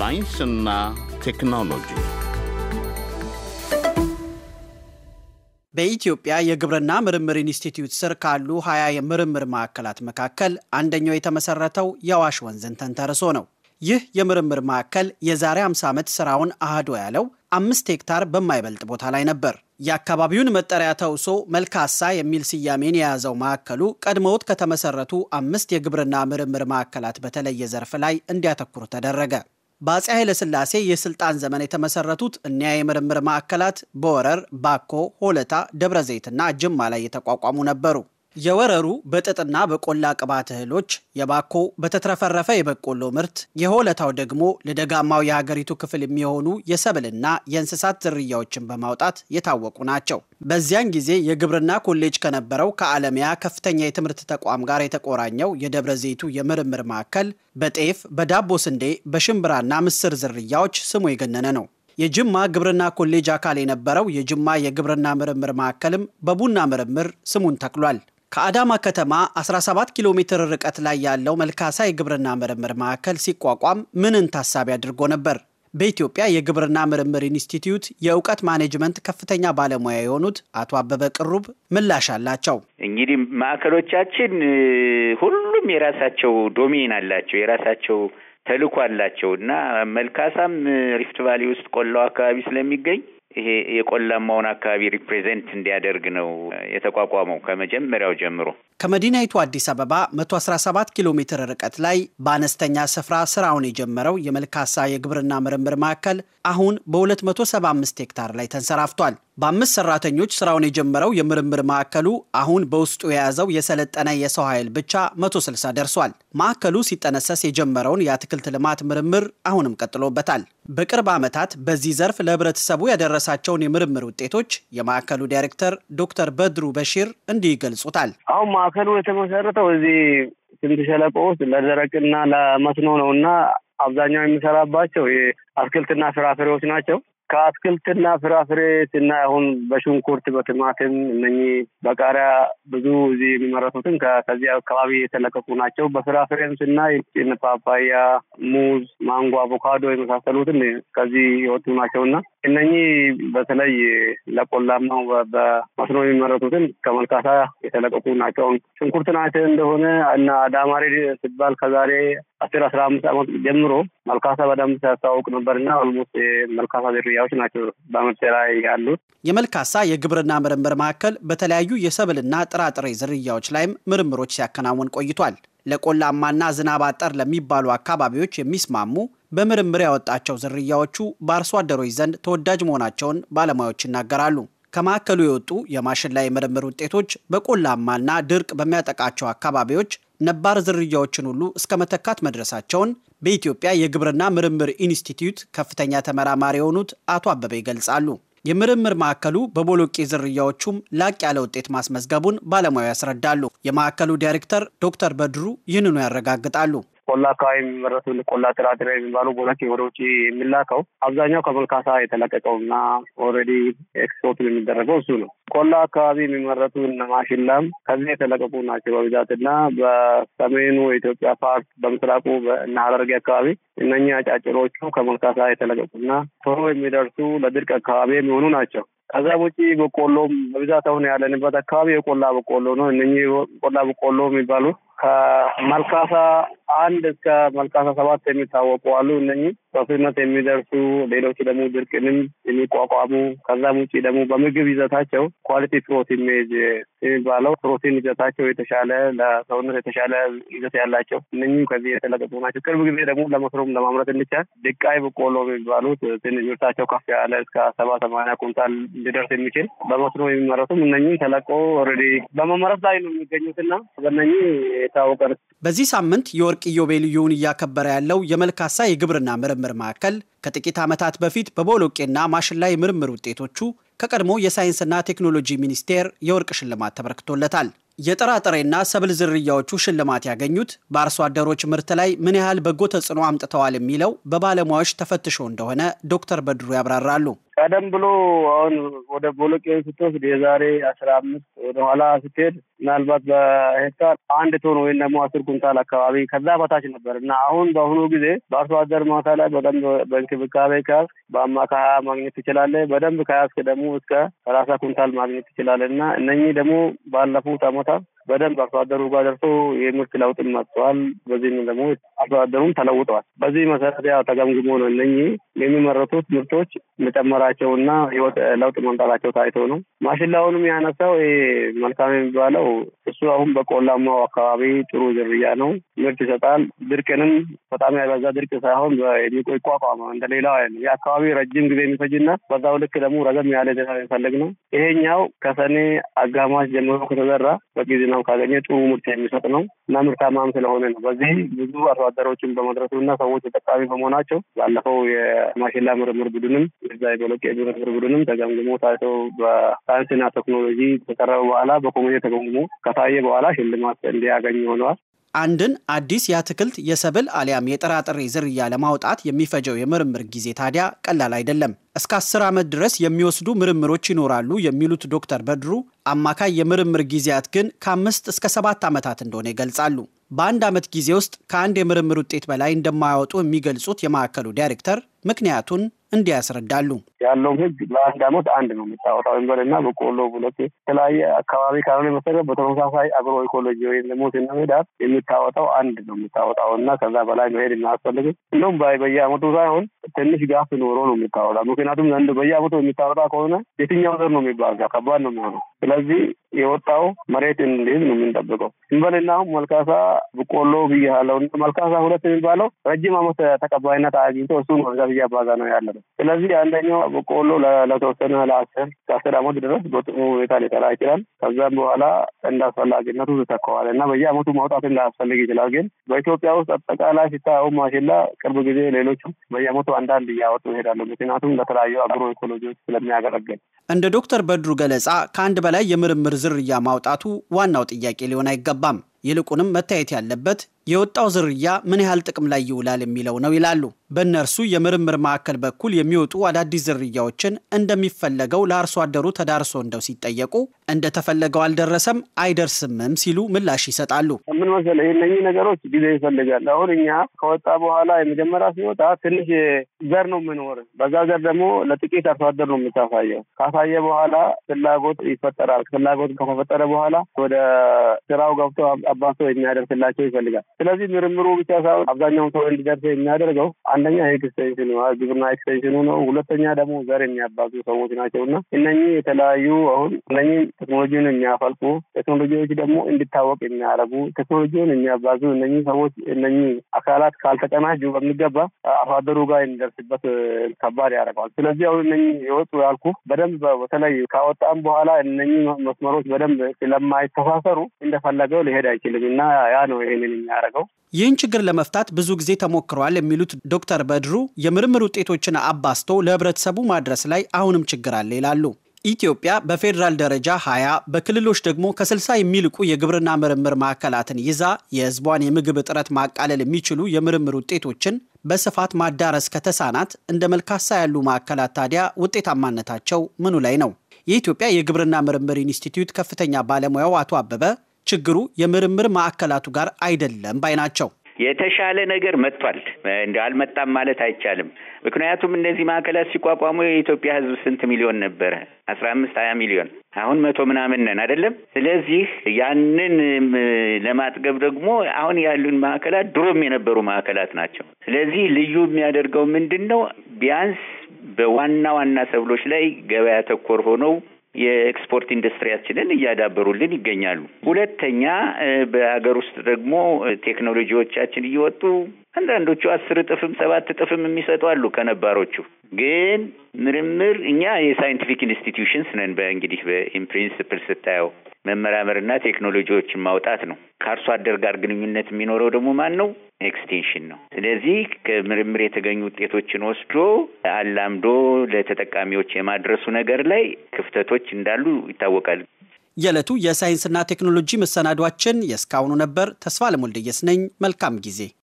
ሳይንስና ቴክኖሎጂ በኢትዮጵያ የግብርና ምርምር ኢንስቲትዩት ስር ካሉ ሀያ የምርምር ማዕከላት መካከል አንደኛው የተመሰረተው የአዋሽ ወንዝን ተንተርሶ ነው። ይህ የምርምር ማዕከል የዛሬ 50 ዓመት ስራውን አህዶ ያለው አምስት ሄክታር በማይበልጥ ቦታ ላይ ነበር። የአካባቢውን መጠሪያ ተውሶ መልካሳ የሚል ስያሜን የያዘው ማዕከሉ ቀድሞውት ከተመሰረቱ አምስት የግብርና ምርምር ማዕከላት በተለየ ዘርፍ ላይ እንዲያተኩር ተደረገ። በአፄ ኃይለሥላሴ የስልጣን ዘመን የተመሰረቱት እኒያ የምርምር ማዕከላት በወረር፣ ባኮ፣ ሆለታ፣ ደብረ ዘይትና ጅማ ላይ የተቋቋሙ ነበሩ። የወረሩ በጥጥና በቆላ ቅባት እህሎች፣ የባኮ በተትረፈረፈ የበቆሎ ምርት፣ የሆለታው ደግሞ ለደጋማው የሀገሪቱ ክፍል የሚሆኑ የሰብልና የእንስሳት ዝርያዎችን በማውጣት የታወቁ ናቸው። በዚያን ጊዜ የግብርና ኮሌጅ ከነበረው ከዓለሚያ ከፍተኛ የትምህርት ተቋም ጋር የተቆራኘው የደብረ ዘይቱ የምርምር ማዕከል በጤፍ በዳቦ ስንዴ፣ በሽምብራና ምስር ዝርያዎች ስሙ የገነነ ነው። የጅማ ግብርና ኮሌጅ አካል የነበረው የጅማ የግብርና ምርምር ማዕከልም በቡና ምርምር ስሙን ተክሏል። ከአዳማ ከተማ 17 ኪሎ ሜትር ርቀት ላይ ያለው መልካሳ የግብርና ምርምር ማዕከል ሲቋቋም ምንን ታሳቢ አድርጎ ነበር? በኢትዮጵያ የግብርና ምርምር ኢንስቲትዩት የእውቀት ማኔጅመንት ከፍተኛ ባለሙያ የሆኑት አቶ አበበ ቅሩብ ምላሽ አላቸው። እንግዲህ ማዕከሎቻችን ሁሉም የራሳቸው ዶሜን አላቸው፣ የራሳቸው ተልዕኮ አላቸው እና መልካሳም ሪፍት ቫሊ ውስጥ ቆላው አካባቢ ስለሚገኝ ይሄ የቆላማውን አካባቢ ሪፕሬዘንት እንዲያደርግ ነው የተቋቋመው ከመጀመሪያው ጀምሮ። ከመዲናይቱ አዲስ አበባ 117 ኪሎ ሜትር ርቀት ላይ በአነስተኛ ስፍራ ስራውን የጀመረው የመልካሳ የግብርና ምርምር ማዕከል አሁን በ275 ሄክታር ላይ ተንሰራፍቷል። በአምስት ሰራተኞች ስራውን የጀመረው የምርምር ማዕከሉ አሁን በውስጡ የያዘው የሰለጠነ የሰው ኃይል ብቻ 160 ደርሷል። ማዕከሉ ሲጠነሰስ የጀመረውን የአትክልት ልማት ምርምር አሁንም ቀጥሎበታል። በቅርብ ዓመታት በዚህ ዘርፍ ለህብረተሰቡ ያደረ የደረሳቸውን የምርምር ውጤቶች የማዕከሉ ዳይሬክተር ዶክተር በድሩ በሺር እንዲህ ይገልጹታል። አሁን ማዕከሉ የተመሰረተው እዚህ ስምጥ ሸለቆ ውስጥ ለደረቅና ለመስኖ ነው እና አብዛኛው የሚሰራባቸው የአትክልትና ፍራፍሬዎች ናቸው። ከአትክልትና ፍራፍሬ እና አሁን በሽንኩርት በቲማቲም እነኚህ በቃሪያ ብዙ እዚህ የሚመረቱትን ከዚህ አካባቢ የተለቀቁ ናቸው። በፍራፍሬም ስናይ ፓፓያ፣ ሙዝ፣ ማንጎ፣ አቮካዶ የመሳሰሉትን ከዚህ የወጡ ናቸው እና እነኚህ በተለይ ለቆላማው በመስኖ የሚመረቱትን ከመልካሳ የተለቀቁ ናቸው። ሽንኩርት ናቸው እንደሆነ እና አዳማሪ ሲባል ከዛሬ አስር አስራ አምስት ዓመት ጀምሮ መልካሳ በደንብ ሲያስተዋውቅ ነበርና ኦልሞስት የመልካሳ ዝርያዎች ናቸው በምርት ላይ ያሉት። የመልካሳ የግብርና ምርምር ማዕከል በተለያዩ የሰብልና ጥራጥሬ ዝርያዎች ላይም ምርምሮች ሲያከናውን ቆይቷል። ለቆላማና ዝናብ አጠር ለሚባሉ አካባቢዎች የሚስማሙ በምርምር ያወጣቸው ዝርያዎቹ በአርሶ አደሮች ዘንድ ተወዳጅ መሆናቸውን ባለሙያዎች ይናገራሉ። ከማዕከሉ የወጡ ላይ ምርምር ውጤቶች በቆላማና ድርቅ በሚያጠቃቸው አካባቢዎች ነባር ዝርያዎችን ሁሉ እስከ መተካት መድረሳቸውን በኢትዮጵያ የግብርና ምርምር ኢንስቲትዩት ከፍተኛ ተመራማሪ የሆኑት አቶ አበበ ይገልጻሉ። የምርምር ማዕከሉ በቦሎቄ ዝርያዎቹም ላቅ ያለ ውጤት ማስመዝገቡን ባለሙያው ያስረዳሉ። የማዕከሉ ዳይሬክተር ዶክተር በድሩ ይህንኑ ያረጋግጣሉ። ቆላ አካባቢ የሚመረቱ ቆላ ጥራጥሬ የሚባሉ ቦለቄ ወደ ውጭ የሚላከው አብዛኛው ከመልካሳ የተለቀቀው እና ኦልሬዲ ኤክስፖርት የሚደረገው እሱ ነው። ቆላ አካባቢ የሚመረቱ እነ ማሽላም ከዚህ የተለቀቁ ናቸው በብዛት እና በሰሜኑ የኢትዮጵያ ፓርት በምስራቁ እና ሀረርጌ አካባቢ እነኛ አጫጭሮቹ ከመልካሳ የተለቀቁና ቶሎ የሚደርሱ ለድርቅ አካባቢ የሚሆኑ ናቸው። ከዛ ውጪ በቆሎም በብዛት አሁን ያለንበት አካባቢ የቆላ በቆሎ ነው። እነ ቆላ በቆሎ የሚባሉት ከመልካሳ አንድ እስከ መልካሳ ሰባት የሚታወቁ አሉ። እነኚህ በፍጥነት የሚደርሱ ሌሎች ደግሞ ድርቅንም የሚቋቋሙ ከዛም ውጭ ደግሞ በምግብ ይዘታቸው ኳሊቲ ፕሮቲን ሜዝ የሚባለው ፕሮቲን ይዘታቸው የተሻለ ለሰውነት የተሻለ ይዘት ያላቸው እነኝም ከዚህ የተለቀጡ ናቸው። ቅርብ ጊዜ ደግሞ ለመስሮም ለማምረት እንዲቻል ድቃይ በቆሎ የሚባሉት ትንሽ ምርታቸው ከፍ ያለ እስከ ሰባ ሰማንያ ኩንታል ሊደርስ የሚችል በመስኖ የሚመረቱም እነኝም ተለቆ ኦልሬዲ በመመረት ላይ ነው የሚገኙትና በእነኝህ የታወቀ በዚህ ሳምንት የወርቅ ኢዮቤልዩን እያከበረ ያለው የመልካሳ የግብርና ምርምር ምርምር ማዕከል ከጥቂት ዓመታት በፊት በቦሎቄና ማሽላ የምርምር ውጤቶቹ ከቀድሞ የሳይንስና ቴክኖሎጂ ሚኒስቴር የወርቅ ሽልማት ተበርክቶለታል። የጥራጥሬና ሰብል ዝርያዎቹ ሽልማት ያገኙት በአርሶ አደሮች ምርት ላይ ምን ያህል በጎ ተጽዕኖ አምጥተዋል የሚለው በባለሙያዎች ተፈትሾ እንደሆነ ዶክተር በድሩ ያብራራሉ። ቀደም ብሎ አሁን ወደ ቦሎቄ ስትወስድ የዛሬ አስራ አምስት ወደኋላ ስትሄድ ምናልባት በሄክታር አንድ ቶን ወይም ደግሞ አስር ኩንታል አካባቢ ከዛ በታች ነበር እና አሁን በአሁኑ ጊዜ በአርሶ አደር ማታ ላይ በደንብ በእንክብካቤ ካስ በአማካ ሀያ ማግኘት ትችላለህ። በደንብ ከያስክ ደግሞ እስከ ሰላሳ ኩንታል ማግኘት ትችላለህ እና እነኚህ ደግሞ ባለፉት አመታት በደንብ አርሶ አደሩ ጋር ደርሶ የምርት ለውጥን መጥተዋል። በዚህም ደግሞ አርሶ አደሩም ተለውጠዋል። በዚህ መሰረት ተገምግሞ ነው እነኚህ የሚመረቱት ምርቶች መጨመራቸውና ህይወት ለውጥ መምጣታቸው ታይቶ ነው። ማሽላውንም ያነሳው ይሄ መልካም የሚባለው እሱ አሁን በቆላማው አካባቢ ጥሩ ዝርያ ነው፣ ምርት ይሰጣል። ድርቅንም በጣም ያበዛ ድርቅ ሳይሆን ይቋቋመ እንደሌላው አይደለም። የአካባቢ ረጅም ጊዜ የሚፈጅና በዛው ልክ ደግሞ ረዘም ያለ የሚፈልግ ነው። ይሄኛው ከሰኔ አጋማሽ ጀምሮ ከተዘራ በጊዜ ነው ነው ካገኘ ጥሩ ምርት የሚሰጥ ነው እና ምርታማም ስለሆነ ነው። በዚህ ብዙ አርሶ አደሮችን በመድረሱ እና ሰዎች ተጠቃሚ በመሆናቸው ባለፈው የማሽላ ምርምር ቡድንም እዛ የበለቄ ምርምር ቡድንም ተገምግሞ ታይቶ በሳይንስና ቴክኖሎጂ ተቀረበ በኋላ በኮሚቴ ተገምግሞ ከታየ በኋላ ሽልማት እንዲያገኝ ሆነዋል። አንድን አዲስ የአትክልት የሰብል አሊያም የጥራጥሬ ዝርያ ለማውጣት የሚፈጀው የምርምር ጊዜ ታዲያ ቀላል አይደለም። እስከ አስር ዓመት ድረስ የሚወስዱ ምርምሮች ይኖራሉ የሚሉት ዶክተር በድሩ አማካይ የምርምር ጊዜያት ግን ከአምስት እስከ ሰባት ዓመታት እንደሆነ ይገልጻሉ። በአንድ ዓመት ጊዜ ውስጥ ከአንድ የምርምር ውጤት በላይ እንደማያወጡ የሚገልጹት የማዕከሉ ዳይሬክተር ምክንያቱን እንዲያስረዳሉ ያለውም ህግ ለአንድ አመት አንድ ነው የሚታወጣው። ወንበር በቆሎ ብሎት የተለያየ አካባቢ ካልሆነ በስተቀር በተመሳሳይ አግሮ ኢኮሎጂ ወይም ደግሞ ሜዳ የሚታወጣው አንድ ነው የሚታወጣው እና ከዛ በላይ መሄድ እናያስፈልግም። እንደውም በየአመቱ ሳይሆን ትንሽ ጋፍ ኖሮ ነው የሚታወጣ። ምክንያቱም ዘንድ በየአመቱ የሚታወጣ ከሆነ የትኛው ዘር ነው የሚባል ከባድ ነው የሚሆነው። ስለዚህ የወጣው መሬት እንዲህ ነው የምንጠብቀው። እንበልና መልካሳ በቆሎ ብያለው መልካሳ ሁለት የሚባለው ረጅም አመት ተቀባይነት አግኝቶ እሱ መግዛት ዝናብ እያባዛ ነው ያለ ነው። ስለዚህ አንደኛው በቆሎ ለተወሰነ ለአስር ከአስር አመት ድረስ በጥሙ ሁኔታ ሊጠራ ይችላል። ከዛም በኋላ እንደ አስፈላጊነቱ ተከዋል እና በየአመቱ ማውጣት ላያስፈልግ ይችላል። ግን በኢትዮጵያ ውስጥ አጠቃላይ ሲታየው ማሽላ ቅርብ ጊዜ ሌሎቹ በየአመቱ አንዳንድ እያወጡ ይሄዳሉ። ምክንያቱም ለተለያዩ አግሮ ኢኮሎጂዎች ስለሚያገለግል እንደ ዶክተር በድሩ ገለጻ ከአንድ በላይ የምርምር ዝርያ ማውጣቱ ዋናው ጥያቄ ሊሆን አይገባም። ይልቁንም መታየት ያለበት የወጣው ዝርያ ምን ያህል ጥቅም ላይ ይውላል የሚለው ነው ይላሉ። በእነርሱ የምርምር ማዕከል በኩል የሚወጡ አዳዲስ ዝርያዎችን እንደሚፈለገው ለአርሶ አደሩ ተዳርሶ እንደው ሲጠየቁ እንደተፈለገው አልደረሰም አይደርስምም ሲሉ ምላሽ ይሰጣሉ። ምን መሰለህ የእነኚህ ነገሮች ጊዜ ይፈልጋል። አሁን እኛ ከወጣ በኋላ የመጀመሪያ ሲወጣ ትንሽ ዘር ነው የምኖር በዛ ዘር ደግሞ ለጥቂት አርሶ አደር ነው የምታሳየው። ካሳየ በኋላ ፍላጎት ይፈጠራል። ፍላጎት ከተፈጠረ በኋላ ወደ ስራው ገብቶ አባቶ የሚያደርስላቸው ይፈልጋል። ስለዚህ ምርምሩ ብቻ ሳይሆን አብዛኛውን ሰው እንዲደርስ የሚያደርገው አንደኛ ኤክስቴንሽን ግብርና ኤክስቴንሽኑ ነው። ሁለተኛ ደግሞ ዘር የሚያባዙ ሰዎች ናቸው እና እነኚህ የተለያዩ አሁን እነኚህ ቴክኖሎጂውን የሚያፈልቁ ቴክኖሎጂዎች ደግሞ እንዲታወቅ የሚያደርጉ ቴክኖሎጂውን የሚያባዙ እነኚህ ሰዎች እነኚህ አካላት ካልተቀናጁ በሚገባ አፋደሩ ጋር የሚደርስበት ከባድ ያደርገዋል። ስለዚህ አሁን እነኚህ የወጡ ያልኩ በደንብ በተለይ ካወጣም በኋላ እነኚህ መስመሮች በደንብ ስለማይተሳሰሩ እንደፈለገው ሊሄድ አይችልም እና ያ ነው ይህንን የሚያደርገው የምናደርገው። ይህን ችግር ለመፍታት ብዙ ጊዜ ተሞክሯል የሚሉት ዶክተር በድሩ የምርምር ውጤቶችን አባስቶ ለህብረተሰቡ ማድረስ ላይ አሁንም ችግር አለ ይላሉ። ኢትዮጵያ በፌዴራል ደረጃ 20 በክልሎች ደግሞ ከ60 የሚልቁ የግብርና ምርምር ማዕከላትን ይዛ የህዝቧን የምግብ እጥረት ማቃለል የሚችሉ የምርምር ውጤቶችን በስፋት ማዳረስ ከተሳናት እንደ መልካሳ ያሉ ማዕከላት ታዲያ ውጤታማነታቸው ምኑ ላይ ነው? የኢትዮጵያ የግብርና ምርምር ኢንስቲትዩት ከፍተኛ ባለሙያው አቶ አበበ ችግሩ የምርምር ማዕከላቱ ጋር አይደለም ባይ ናቸው። የተሻለ ነገር መጥቷል። እንደ አልመጣም ማለት አይቻልም። ምክንያቱም እነዚህ ማዕከላት ሲቋቋሙ የኢትዮጵያ ሕዝብ ስንት ሚሊዮን ነበረ? አስራ አምስት ሀያ ሚሊዮን አሁን መቶ ምናምን ነን አይደለም። ስለዚህ ያንን ለማጥገብ ደግሞ አሁን ያሉን ማዕከላት ድሮም የነበሩ ማዕከላት ናቸው። ስለዚህ ልዩ የሚያደርገው ምንድን ነው? ቢያንስ በዋና ዋና ሰብሎች ላይ ገበያ ተኮር ሆነው የኤክስፖርት ኢንዱስትሪያችንን እያዳበሩልን ይገኛሉ። ሁለተኛ በሀገር ውስጥ ደግሞ ቴክኖሎጂዎቻችን እየወጡ አንዳንዶቹ አስር እጥፍም ሰባት እጥፍም የሚሰጡ አሉ ከነባሮቹ። ግን ምርምር እኛ የሳይንቲፊክ ኢንስቲትዩሽንስ ነን። በእንግዲህ በኢንፕሪንስፕል ስታየው መመራመርና ቴክኖሎጂዎችን ማውጣት ነው። ከአርሶ አደር ጋር ግንኙነት የሚኖረው ደግሞ ማን ነው? ኤክስቴንሽን ነው። ስለዚህ ከምርምር የተገኙ ውጤቶችን ወስዶ አላምዶ ለተጠቃሚዎች የማድረሱ ነገር ላይ ክፍተቶች እንዳሉ ይታወቃል። የዕለቱ የሳይንስና ቴክኖሎጂ መሰናዷችን የእስካሁኑ ነበር። ተስፋ ለሞልደየስ ነኝ። መልካም ጊዜ